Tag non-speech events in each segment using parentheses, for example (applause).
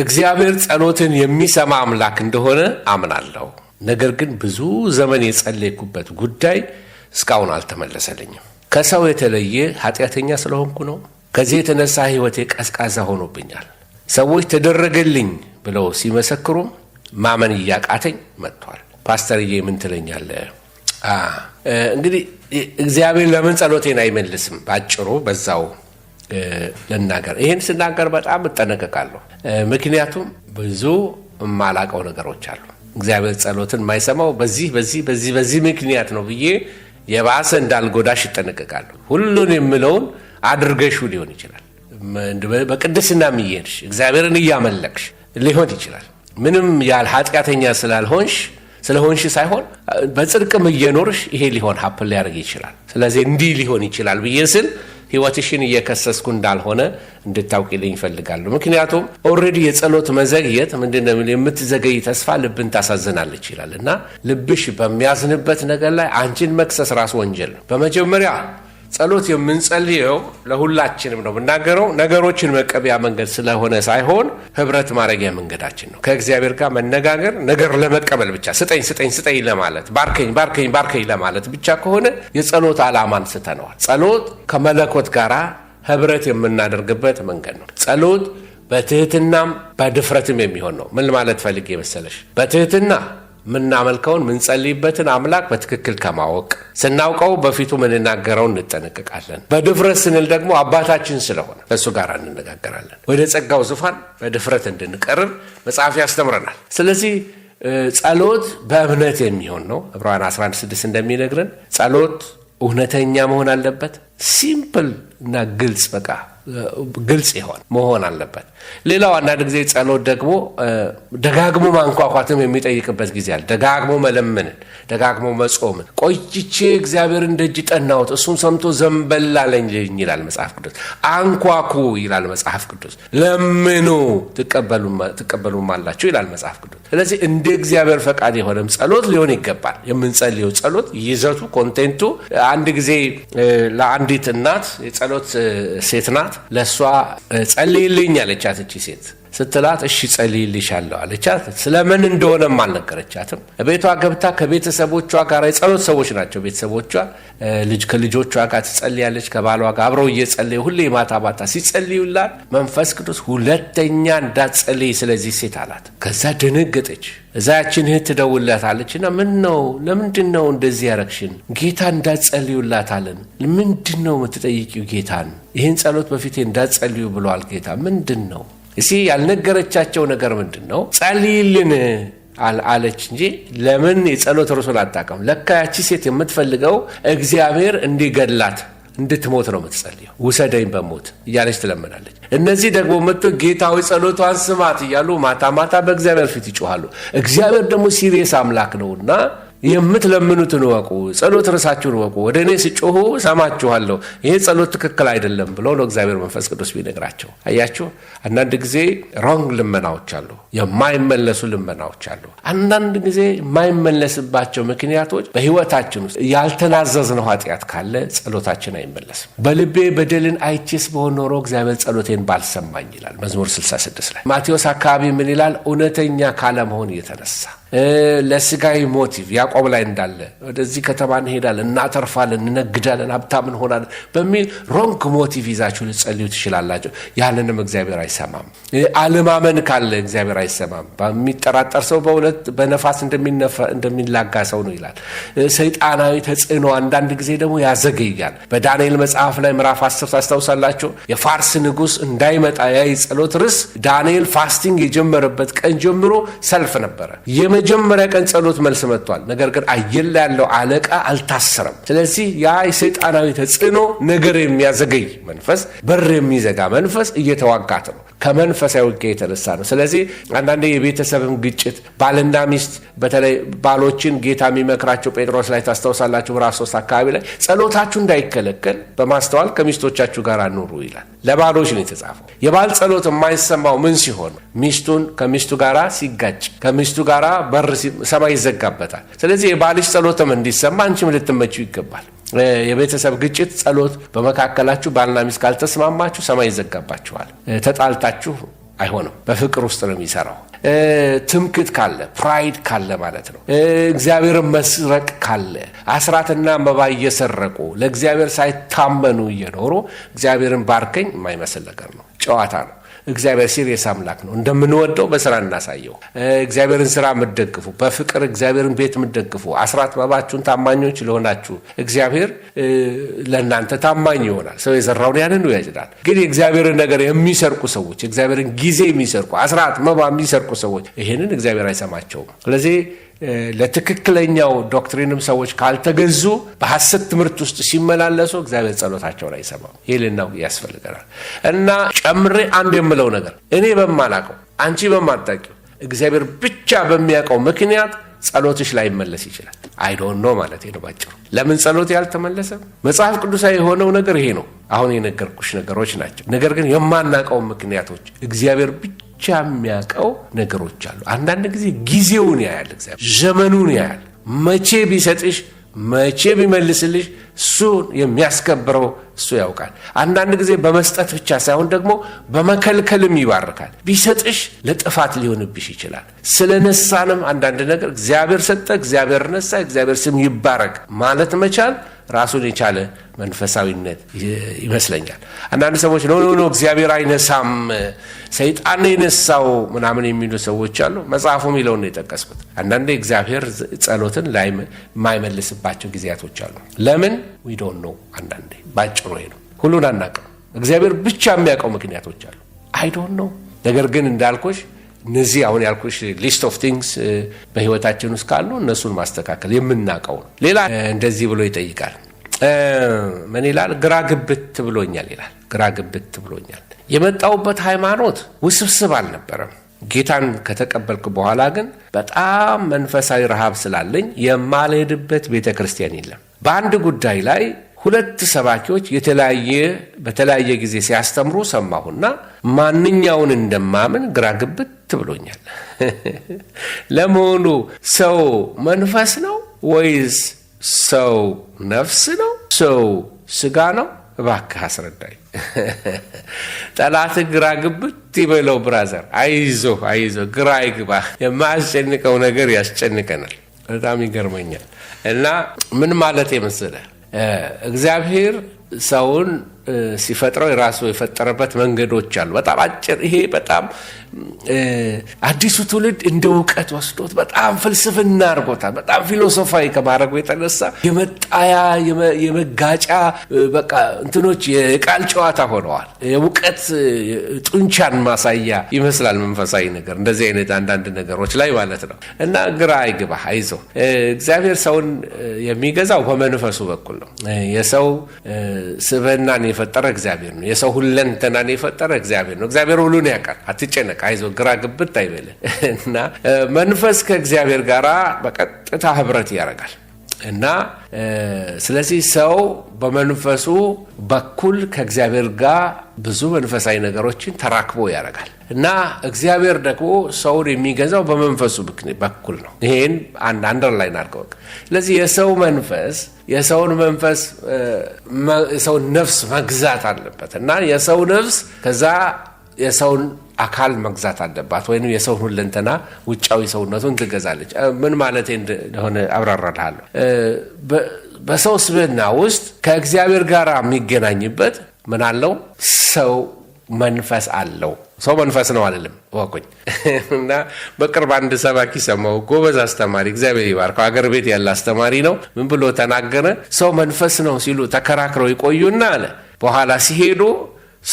እግዚአብሔር ጸሎትን የሚሰማ አምላክ እንደሆነ አምናለሁ። ነገር ግን ብዙ ዘመን የጸለይኩበት ጉዳይ እስካሁን አልተመለሰልኝም። ከሰው የተለየ ኃጢአተኛ ስለሆንኩ ነው። ከዚህ የተነሳ ሕይወቴ ቀዝቃዛ ሆኖብኛል። ሰዎች ተደረገልኝ ብለው ሲመሰክሩም ማመን እያቃተኝ መጥቷል። ፓስተርዬ ምን ትለኛለ? እንግዲህ እግዚአብሔር ለምን ጸሎቴን አይመልስም? ባጭሩ በዛው ልናገር። ይህን ስናገር በጣም እጠነቀቃለሁ። ምክንያቱም ብዙ የማላቀው ነገሮች አሉ። እግዚአብሔር ጸሎትን የማይሰማው በዚህ በዚህ በዚህ በዚህ ምክንያት ነው ብዬ የባሰ እንዳልጎዳሽ እጠነቀቃለሁ። ሁሉን የምለውን አድርገሽው ሊሆን ይችላል። በቅድስና እየሄድሽ እግዚአብሔርን እያመለክሽ ሊሆን ይችላል። ምንም ያህል ኃጢአተኛ ስላልሆንሽ ስለሆንሽ ሳይሆን በጽድቅም እየኖርሽ ይሄ ሊሆን ሀፕል ሊያደርግ ይችላል። ስለዚህ እንዲህ ሊሆን ይችላል ብዬ ስል ህይወትሽን እየከሰስኩ እንዳልሆነ እንድታውቂልኝ ይፈልጋሉ። ምክንያቱም ኦልሬዲ የጸሎት መዘግየት ምንድነው የምትዘገይ ተስፋ ልብን ታሳዝናለች ይላል እና ልብሽ በሚያዝንበት ነገር ላይ አንቺን መክሰስ ራሱ ወንጀል ነው በመጀመሪያ ጸሎት የምንጸልየው ለሁላችንም ነው የምናገረው። ነገሮችን መቀበያ መንገድ ስለሆነ ሳይሆን ህብረት ማድረጊያ መንገዳችን ነው። ከእግዚአብሔር ጋር መነጋገር ነገር ለመቀበል ብቻ ስጠኝ ስጠኝ ስጠኝ ለማለት ባርከኝ ባርከኝ ባርከኝ ለማለት ብቻ ከሆነ የጸሎት አላማን ስተነዋል። ጸሎት ከመለኮት ጋር ህብረት የምናደርግበት መንገድ ነው። ጸሎት በትህትናም በድፍረትም የሚሆን ነው። ምን ማለት ፈልግ የመሰለሽ በትህትና ምናመልከውን ምንጸልይበትን አምላክ በትክክል ከማወቅ ስናውቀው በፊቱ ምንናገረው እንጠነቀቃለን። በድፍረት ስንል ደግሞ አባታችን ስለሆነ ከእሱ ጋር እንነጋገራለን። ወደ ጸጋው ዙፋን በድፍረት እንድንቀርብ መጽሐፍ ያስተምረናል። ስለዚህ ጸሎት በእምነት የሚሆን ነው። ዕብራውያን 11፥6 እንደሚነግረን ጸሎት እውነተኛ መሆን አለበት። ሲምፕል እና ግልጽ በቃ ግልጽ ይሆን መሆን አለበት። ሌላው አንዳንድ ጊዜ ጸሎት ደግሞ ደጋግሞ ማንኳኳትም የሚጠይቅበት ጊዜ አለ። ደጋግሞ መለመንን፣ ደጋግሞ መጾምን ቆይቼ እግዚአብሔርን ደጅ ጠናሁት እሱም ሰምቶ ዘንበል አለኝ ይላል መጽሐፍ ቅዱስ። አንኳኩ ይላል መጽሐፍ ቅዱስ። ለምኑ ትቀበሉም አላችሁ ይላል መጽሐፍ ቅዱስ። ስለዚህ እንደ እግዚአብሔር ፈቃድ የሆነም ጸሎት ሊሆን ይገባል። የምንጸልየው ጸሎት ይዘቱ፣ ኮንቴንቱ አንድ ጊዜ ለአንድ አንዲት እናት የጸሎት ሴት ናት። ለእሷ ጸልይልኝ አለቻት። እቺ ሴት ስትላት እሺ ጸልይልሻለሁ አለቻት። ስለምን እንደሆነም አልነገረቻትም። ቤቷ ገብታ ከቤተሰቦቿ ጋር የጸሎት ሰዎች ናቸው ቤተሰቦቿ። ልጅ ከልጆቿ ጋር ትጸልያለች፣ ከባሏ ጋር አብረው እየጸለዩ ሁሌ ማታ ማታ ሲጸልዩላት መንፈስ ቅዱስ ሁለተኛ እንዳትጸልይ ስለዚህ ሴት አላት። ከዛ ደነገጠች። እዛ ያችን እህት ትደውልላታለችና ምን ነው ለምንድን ነው እንደዚህ ያረግሽን? ጌታ እንዳትጸልዩላታለን። ምንድን ነው የምትጠይቂው ጌታን? ይህን ጸሎት በፊቴ እንዳትጸልዩ ብሏል ጌታ። ምንድን ነው እስኪ ያልነገረቻቸው ነገር ምንድን ነው? ጸልይልን አለች እንጂ ለምን የጸሎት ርሱን አጣቀም? ለካ ያቺ ሴት የምትፈልገው እግዚአብሔር እንዲገላት እንድትሞት ነው የምትጸልየው። ውሰደኝ በሞት እያለች ትለምናለች። እነዚህ ደግሞ መጥቶ ጌታዊ ጸሎቷን ስማት እያሉ ማታ ማታ በእግዚአብሔር ፊት ይጮኋሉ። እግዚአብሔር ደግሞ ሲሪየስ አምላክ ነውና የምትለምኑትን እወቁ፣ ጸሎት ርሳችሁን እወቁ፣ ወደ እኔ ስጮሁ ሰማችኋለሁ፣ ይሄ ጸሎት ትክክል አይደለም ብሎ ነው እግዚአብሔር መንፈስ ቅዱስ ቢነግራቸው። አያችሁ፣ አንዳንድ ጊዜ ሮንግ ልመናዎች አሉ፣ የማይመለሱ ልመናዎች አሉ። አንዳንድ ጊዜ የማይመለስባቸው ምክንያቶች በህይወታችን ውስጥ ያልተናዘዝነው ኃጢአት ካለ ጸሎታችን አይመለስም። በልቤ በደልን አይቼስ በሆን ኖሮ እግዚአብሔር ጸሎቴን ባልሰማኝ ይላል መዝሙር 66 ላይ። ማቴዎስ አካባቢ ምን ይላል? እውነተኛ ካለመሆን የተነሳ ለስጋዊ ሞቲቭ ያዕቆብ ላይ እንዳለ ወደዚህ ከተማ እንሄዳለን፣ እናተርፋለን፣ እንነግዳለን፣ ሀብታም እንሆናለን በሚል ሮንግ ሞቲቭ ይዛችሁ ልጸልዩ ትችላላቸው። ያንንም እግዚአብሔር አይሰማም። አለማመን ካለ እግዚአብሔር አይሰማም። በሚጠራጠር ሰው በሁለት በነፋስ እንደሚላጋ ሰው ነው ይላል። ሰይጣናዊ ተጽዕኖ አንዳንድ ጊዜ ደግሞ ያዘገያል። በዳንኤል መጽሐፍ ላይ ምዕራፍ አስር ታስታውሳላቸው። የፋርስ ንጉስ እንዳይመጣ ያይ ጸሎት ርዕስ ዳንኤል ፋስቲንግ የጀመረበት ቀን ጀምሮ ሰልፍ ነበረ። የመጀመሪያ ቀን ጸሎት መልስ መጥቷል። ነገር ግን አየር ላይ ያለው አለቃ አልታሰረም። ስለዚህ ያ የሰይጣናዊ ተጽዕኖ ነገር የሚያዘገይ መንፈስ፣ በር የሚዘጋ መንፈስ እየተዋጋት ነው። ከመንፈሳዊ ውጊያ የተነሳ ነው። ስለዚህ አንዳንዴ የቤተሰብም ግጭት ባልና ሚስት በተለይ ባሎችን ጌታ የሚመክራቸው ጴጥሮስ ላይ ታስታውሳላችሁ፣ ምዕራፍ ሶስት አካባቢ ላይ ጸሎታችሁ እንዳይከለከል በማስተዋል ከሚስቶቻችሁ ጋር አኑሩ ይላል። ለባሎች ነው የተጻፈው። የባል ጸሎት የማይሰማው ምን ሲሆን? ሚስቱን ከሚስቱ ጋራ ሲጋጭ፣ ከሚስቱ ጋራ በር ሰማይ ይዘጋበታል። ስለዚህ የባልሽ ጸሎትም እንዲሰማ አንቺም ልትመችው ይገባል። የቤተሰብ ግጭት ጸሎት በመካከላችሁ ባልና ሚስት ካልተስማማችሁ ሰማይ ይዘጋባችኋል። ተጣልታችሁ አይሆንም። በፍቅር ውስጥ ነው የሚሰራው። ትምክት ካለ ፕራይድ ካለ ማለት ነው። እግዚአብሔርን መስረቅ ካለ አስራትና መባ እየሰረቁ ለእግዚአብሔር ሳይታመኑ እየኖሩ እግዚአብሔርን ባርከኝ የማይመስል ነገር ነው። ጨዋታ ነው። እግዚአብሔር ሲሪየስ አምላክ ነው። እንደምንወደው በስራ እናሳየው። እግዚአብሔርን ስራ የምትደግፉ በፍቅር እግዚአብሔርን ቤት የምትደግፉ አስራት መባችሁን ታማኞች ለሆናችሁ እግዚአብሔር ለእናንተ ታማኝ ይሆናል። ሰው የዘራውን ያንን ያጭዳል። ግን የእግዚአብሔርን ነገር የሚሰርቁ ሰዎች፣ የእግዚአብሔርን ጊዜ የሚሰርቁ አስራት መባ የሚሰርቁ ሰዎች ይህንን እግዚአብሔር አይሰማቸውም። ስለዚህ ለትክክለኛው ዶክትሪንም ሰዎች ካልተገዙ በሐሰት ትምህርት ውስጥ ሲመላለሱ እግዚአብሔር ጸሎታቸውን አይሰማም። ይህ ልናውቅ ያስፈልገናል። እና ጨምሬ አንድ የምለው ነገር እኔ በማላቀው አንቺ በማታውቂው እግዚአብሔር ብቻ በሚያውቀው ምክንያት ጸሎትሽ ላይመለስ ይችላል። አይዶኖ ማለት ነው ባጭሩ። ለምን ጸሎት ያልተመለሰ? መጽሐፍ ቅዱሳዊ የሆነው ነገር ይሄ ነው። አሁን የነገርኩሽ ነገሮች ናቸው። ነገር ግን የማናውቀው ምክንያቶች እግዚአብሔር ብቻ ብቻ የሚያውቀው ነገሮች አሉ። አንዳንድ ጊዜ ጊዜውን ያያል፣ እግዚአብሔር ዘመኑን ያያል። መቼ ቢሰጥሽ መቼ ቢመልስልሽ እሱን የሚያስከብረው እሱ ያውቃል። አንዳንድ ጊዜ በመስጠት ብቻ ሳይሆን ደግሞ በመከልከልም ይባርካል። ቢሰጥሽ ለጥፋት ሊሆንብሽ ይችላል። ስለነሳንም አንዳንድ ነገር እግዚአብሔር ሰጠ፣ እግዚአብሔር ነሳ፣ እግዚአብሔር ስም ይባረክ ማለት መቻል ራሱን የቻለ መንፈሳዊነት ይመስለኛል። አንዳንድ ሰዎች ኖ ኖ እግዚአብሔር አይነሳም ሰይጣን የነሳው ምናምን የሚሉ ሰዎች አሉ። መጽሐፉ የሚለውን ነው የጠቀስኩት። አንዳንዴ እግዚአብሔር ጸሎትን የማይመልስባቸው ጊዜያቶች አሉ። ለምን ዊዶን ነው። አንዳንዴ ባጭሩ ነው። ሁሉን አናውቅም። እግዚአብሔር ብቻ የሚያውቀው ምክንያቶች አሉ። አይዶን ነው። ነገር ግን እንዳልኮች እነዚህ አሁን ያልኩሽ ሊስት ኦፍ ቲንግስ በህይወታችን ውስጥ ካሉ እነሱን ማስተካከል የምናውቀው ነው። ሌላ እንደዚህ ብሎ ይጠይቃል። ምን ይላል? ግራ ግብት ብሎኛል ይላል። ግራ ግብት ብሎኛል። የመጣውበት ሃይማኖት ውስብስብ አልነበረም። ጌታን ከተቀበልክ በኋላ ግን በጣም መንፈሳዊ ረሃብ ስላለኝ የማልሄድበት ቤተ ክርስቲያን የለም። በአንድ ጉዳይ ላይ ሁለት ሰባኪዎች የተለያየ በተለያየ ጊዜ ሲያስተምሩ ሰማሁና ማንኛውን እንደማምን ግራ ግብት ብሎኛል። ለመሆኑ ሰው መንፈስ ነው ወይስ ሰው ነፍስ ነው? ሰው ስጋ ነው? እባክህ አስረዳኝ። ጠላት ግራ ግብት ይበለው። ብራዘር አይዞ አይዞ፣ ግራ አይግባ። የማያስጨንቀው ነገር ያስጨንቀናል። በጣም ይገርመኛል። እና ምን ማለት የመሰለ እግዚአብሔር ሰውን ሲፈጥረው የራሱ የፈጠረበት መንገዶች አሉ። በጣም አጭር ይሄ በጣም አዲሱ ትውልድ እንደ እውቀት ወስዶት በጣም ፍልስፍና አድርጎታል። በጣም ፊሎሶፋዊ ከማድረጉ የተነሳ የመጣያ የመጋጫ በቃ እንትኖች የቃል ጨዋታ ሆነዋል። የእውቀት ጡንቻን ማሳያ ይመስላል መንፈሳዊ ነገር እንደዚህ አይነት አንዳንድ ነገሮች ላይ ማለት ነው። እና ግራ አይግባ አይዞ እግዚአብሔር ሰውን የሚገዛው በመንፈሱ በኩል ነው። የሰው ስብህናን የፈጠረ እግዚአብሔር ነው። የሰው ሁለንተናን የፈጠረ እግዚአብሔር ነው። እግዚአብሔር ሁሉን ያውቃል። አትጨነቅ አይዞ ግራ ግብት አይበል እና መንፈስ ከእግዚአብሔር ጋር በቀጥታ ህብረት ያደርጋል እና ስለዚህ ሰው በመንፈሱ በኩል ከእግዚአብሔር ጋር ብዙ መንፈሳዊ ነገሮችን ተራክቦ ያደርጋል እና እግዚአብሔር ደግሞ ሰውን የሚገዛው በመንፈሱ በኩል ነው። ይሄን አንድ ላይ አድርገው። ስለዚህ የሰው መንፈስ የሰውን መንፈስ የሰውን ነፍስ መግዛት አለበት እና የሰው ነፍስ ከዛ የሰውን አካል መግዛት አለባት ወይም የሰውን ሁለንተና ውጫዊ ሰውነቱን ትገዛለች። ምን ማለት እንደሆነ አብራራልሃለሁ። በሰው ስብዕና ውስጥ ከእግዚአብሔር ጋር የሚገናኝበት ምን አለው? ሰው መንፈስ አለው። ሰው መንፈስ ነው አልልም፣ ወቁኝ (laughs) እና በቅርብ አንድ ሰባኪ ሰማው። ጎበዝ አስተማሪ፣ እግዚአብሔር ይባርከው፣ አገር ቤት ያለ አስተማሪ ነው። ምን ብሎ ተናገረ? ሰው መንፈስ ነው ሲሉ ተከራክረው ይቆዩና አለ በኋላ ሲሄዱ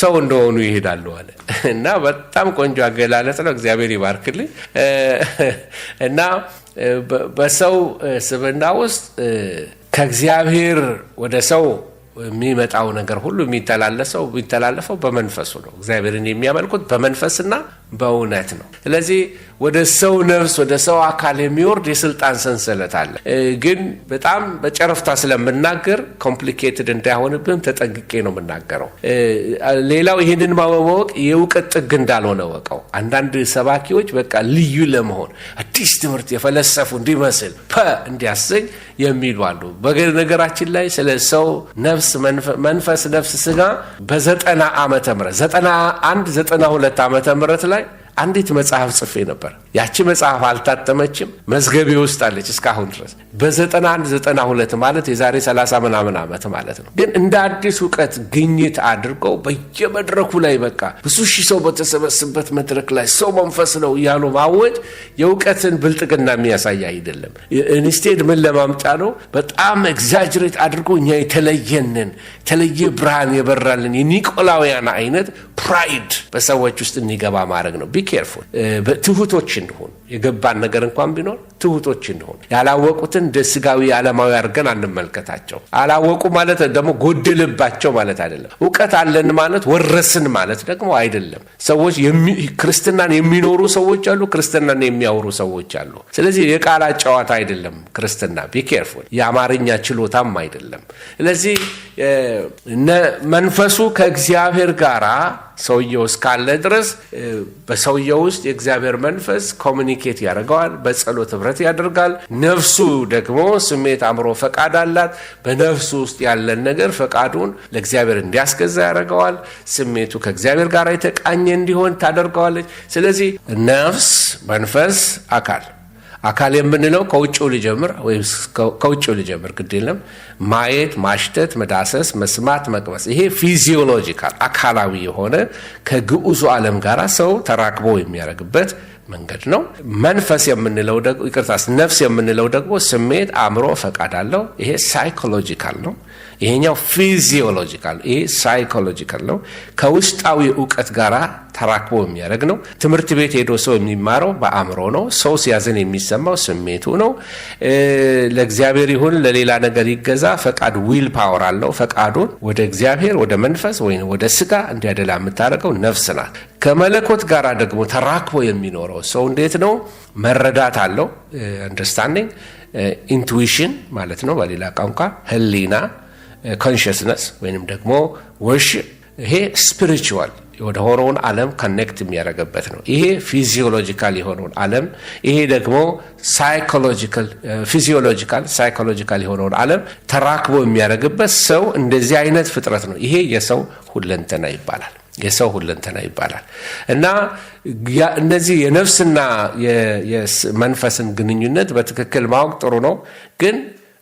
ሰው እንደሆኑ ይሄዳሉ አለ እና በጣም ቆንጆ አገላለጽ ነው። እግዚአብሔር ይባርክልኝ እና በሰው ስብና ውስጥ ከእግዚአብሔር ወደ ሰው የሚመጣው ነገር ሁሉ የሚተላለፈው በመንፈሱ ነው። እግዚአብሔርን የሚያመልኩት በመንፈስና በእውነት ነው። ስለዚህ ወደ ሰው ነፍስ ወደ ሰው አካል የሚወርድ የስልጣን ሰንሰለት አለ። ግን በጣም በጨረፍታ ስለምናገር ኮምፕሊኬትድ እንዳይሆንብን ተጠንቅቄ ነው የምናገረው። ሌላው ይህንን ማወቅ የእውቀት ጥግ እንዳልሆነ ወቀው። አንዳንድ ሰባኪዎች በቃ ልዩ ለመሆን አዲስ ትምህርት የፈለሰፉ እንዲመስል እንዲያሰኝ የሚሉ አሉ። በነገራችን ላይ ስለ ሰው ነፍስ መንፈስ፣ ነፍስ፣ ስጋ በዘጠና ዓመተ ምህረት ዘጠና አንድ ዘጠና ሁለት ዓመተ ምህረት ላይ አንዲት መጽሐፍ ጽፌ ነበር። ያቺ መጽሐፍ አልታተመችም፣ መዝገቤ ውስጥ አለች እስካሁን ድረስ በ ዘጠና 92 ማለት የዛሬ 30 ምናምን ዓመት ማለት ነው። ግን እንደ አዲስ እውቀት ግኝት አድርገው በየመድረኩ ላይ በቃ ብዙ ሺህ ሰው በተሰበሰበበት መድረክ ላይ ሰው መንፈስ ነው እያሉ ማወጅ የእውቀትን ብልጥግና የሚያሳይ አይደለም። ኢንስቴድ ምን ለማምጫ ነው? በጣም ኤግዛጅሬት አድርጎ እኛ የተለየንን የተለየ ብርሃን የበራልን የኒቆላውያን አይነት ፕራይድ በሰዎች ውስጥ እንዲገባ ማድረግ ነው። ኬርፉል uh, ትሁቶች እንሁን የገባን ነገር እንኳን ቢኖር ትሁቶች እንደሆነ ያላወቁትን ደስጋዊ ዓለማዊ አድርገን አንመልከታቸው። አላወቁ ማለት ደግሞ ጎደልባቸው ማለት አይደለም። እውቀት አለን ማለት ወረስን ማለት ደግሞ አይደለም። ሰዎች ክርስትናን የሚኖሩ ሰዎች አሉ፣ ክርስትናን የሚያወሩ ሰዎች አሉ። ስለዚህ የቃላት ጨዋታ አይደለም ክርስትና። ቢኬርፉል የአማርኛ ችሎታም አይደለም። ስለዚህ መንፈሱ ከእግዚአብሔር ጋራ ሰውየው እስካለ ድረስ በሰውየው ውስጥ የእግዚአብሔር መንፈስ ኮሚኒኬት ያደርገዋል በጸሎት ህብረት ያደርጋል። ነፍሱ ደግሞ ስሜት፣ አእምሮ ፈቃድ አላት። በነፍሱ ውስጥ ያለን ነገር ፈቃዱን ለእግዚአብሔር እንዲያስገዛ ያደርገዋል። ስሜቱ ከእግዚአብሔር ጋር የተቃኘ እንዲሆን ታደርገዋለች። ስለዚህ ነፍስ፣ መንፈስ፣ አካል አካል የምንለው ከውጭው ሊጀምር ወይም ከውጭው ሊጀምር ግድ የለም። ማየት፣ ማሽተት፣ መዳሰስ፣ መስማት፣ መቅመስ ይሄ ፊዚዮሎጂካል አካላዊ የሆነ ከግዑዙ ዓለም ጋር ሰው ተራክቦ የሚያደርግበት መንገድ ነው። መንፈስ የምንለው ደግሞ ይቅርታ፣ ነፍስ የምንለው ደግሞ ስሜት፣ አእምሮ፣ ፈቃድ አለው። ይሄ ሳይኮሎጂካል ነው። ይሄኛው ፊዚዮሎጂካል፣ ይሄ ሳይኮሎጂካል ነው። ከውስጣዊ እውቀት ጋራ ተራክቦ የሚያደርግ ነው። ትምህርት ቤት ሄዶ ሰው የሚማረው በአእምሮ ነው። ሰው ሲያዝን የሚሰማው ስሜቱ ነው። ለእግዚአብሔር ይሁን ለሌላ ነገር ይገዛ ፈቃድ ዊል ፓወር አለው። ፈቃዱን ወደ እግዚአብሔር ወደ መንፈስ ወይ ወደ ስጋ እንዲያደላ የምታደርገው ነፍስ ናት። ከመለኮት ጋር ደግሞ ተራክቦ የሚኖረው ሰው እንዴት ነው? መረዳት አለው። አንደርስታንዲንግ ኢንቱዊሽን ማለት ነው በሌላ ቋንቋ ህሊና፣ ኮንሽስነስ ወይንም ደግሞ ወሽ ይሄ ስፒሪችዋል። ወደ ሆነውን ዓለም ከኔክት የሚያደርግበት ነው። ይሄ ፊዚዮሎጂካል የሆነውን ዓለም ይሄ ደግሞ ፊዚዮሎጂካል ሳይኮሎጂካል የሆነውን ዓለም ተራክቦ የሚያደርግበት ሰው እንደዚህ አይነት ፍጥረት ነው። ይሄ የሰው ሁለንተና ይባላል። የሰው ሁለንተና ይባላል እና እነዚህ የነፍስና መንፈስን ግንኙነት በትክክል ማወቅ ጥሩ ነው። ግን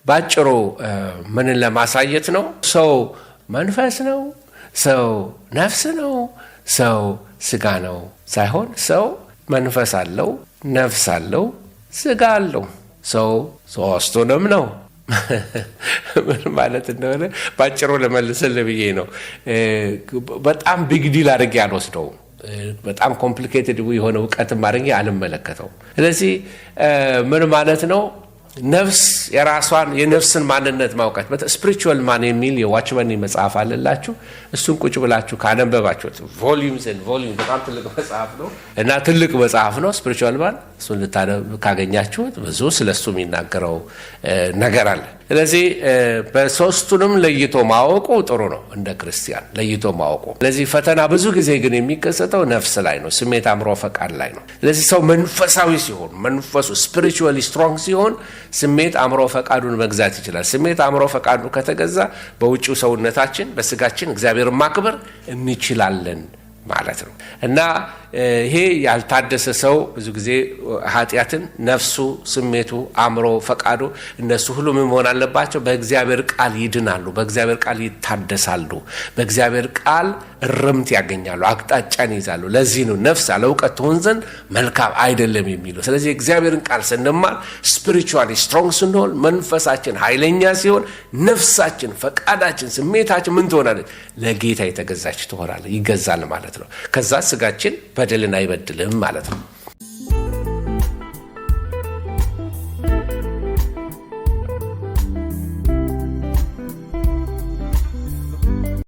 ባጭሩ ምንን ለማሳየት ነው? ሰው መንፈስ ነው ሰው ነፍስ ነው፣ ሰው ስጋ ነው ሳይሆን ሰው መንፈስ አለው፣ ነፍስ አለው፣ ስጋ አለው። ሰው ሶስቱንም ነው። (laughs) ምን ማለት እንደሆነ ባጭሮ ለመልስል ብዬ ነው። በጣም ቢግዲል አድርጌ አልወስደው በጣም ኮምፕሊኬትድ የሆነ እውቀትም አድርጌ አልመለከተው ስለዚህ ምን ማለት ነው ነፍስ የራሷን የነፍስን ማንነት ማውቃት ስፕሪቹዋል ማን የሚል የዋችመን መጽሐፍ አለላችሁ። እሱን ቁጭ ብላችሁ ካነበባችሁት ቮሊዩም በጣም ትልቅ መጽሐፍ ነው እና ትልቅ መጽሐፍ ነው ስፕሪቹዋል ማን እሱን ካገኛችሁት ብዙ ስለ እሱ የሚናገረው ነገር አለ። ስለዚህ በሶስቱንም ለይቶ ማወቁ ጥሩ ነው፣ እንደ ክርስቲያን ለይቶ ማወቁ። ስለዚህ ፈተና ብዙ ጊዜ ግን የሚከሰተው ነፍስ ላይ ነው፣ ስሜት፣ አእምሮ፣ ፈቃድ ላይ ነው። ስለዚህ ሰው መንፈሳዊ ሲሆን መንፈሱ ስፒሪቹዋሊ ስትሮንግ ሲሆን ስሜት፣ አእምሮ፣ ፈቃዱን መግዛት ይችላል። ስሜት፣ አእምሮ፣ ፈቃዱ ከተገዛ በውጭው ሰውነታችን በስጋችን እግዚአብሔርን ማክበር እንችላለን። ማለት ነው እና ይሄ ያልታደሰ ሰው ብዙ ጊዜ ኃጢአትን ነፍሱ፣ ስሜቱ፣ አእምሮ፣ ፈቃዱ እነሱ ሁሉ ምን መሆን አለባቸው? በእግዚአብሔር ቃል ይድናሉ፣ በእግዚአብሔር ቃል ይታደሳሉ፣ በእግዚአብሔር ቃል እርምት ያገኛሉ፣ አቅጣጫን ይዛሉ። ለዚህ ነው ነፍስ ያለ እውቀት ትሆን ዘንድ መልካም አይደለም የሚለው። ስለዚህ እግዚአብሔርን ቃል ስንማር ስፒሪቹዋሊ ስትሮንግ ስንሆን፣ መንፈሳችን ኃይለኛ ሲሆን፣ ነፍሳችን፣ ፈቃዳችን፣ ስሜታችን ምን ትሆናለች? ለጌታ የተገዛች ትሆናለ ይገዛል ማለት ነው። ማለት ነው። ከዛ ስጋችን በደልን አይበድልም ማለት ነው።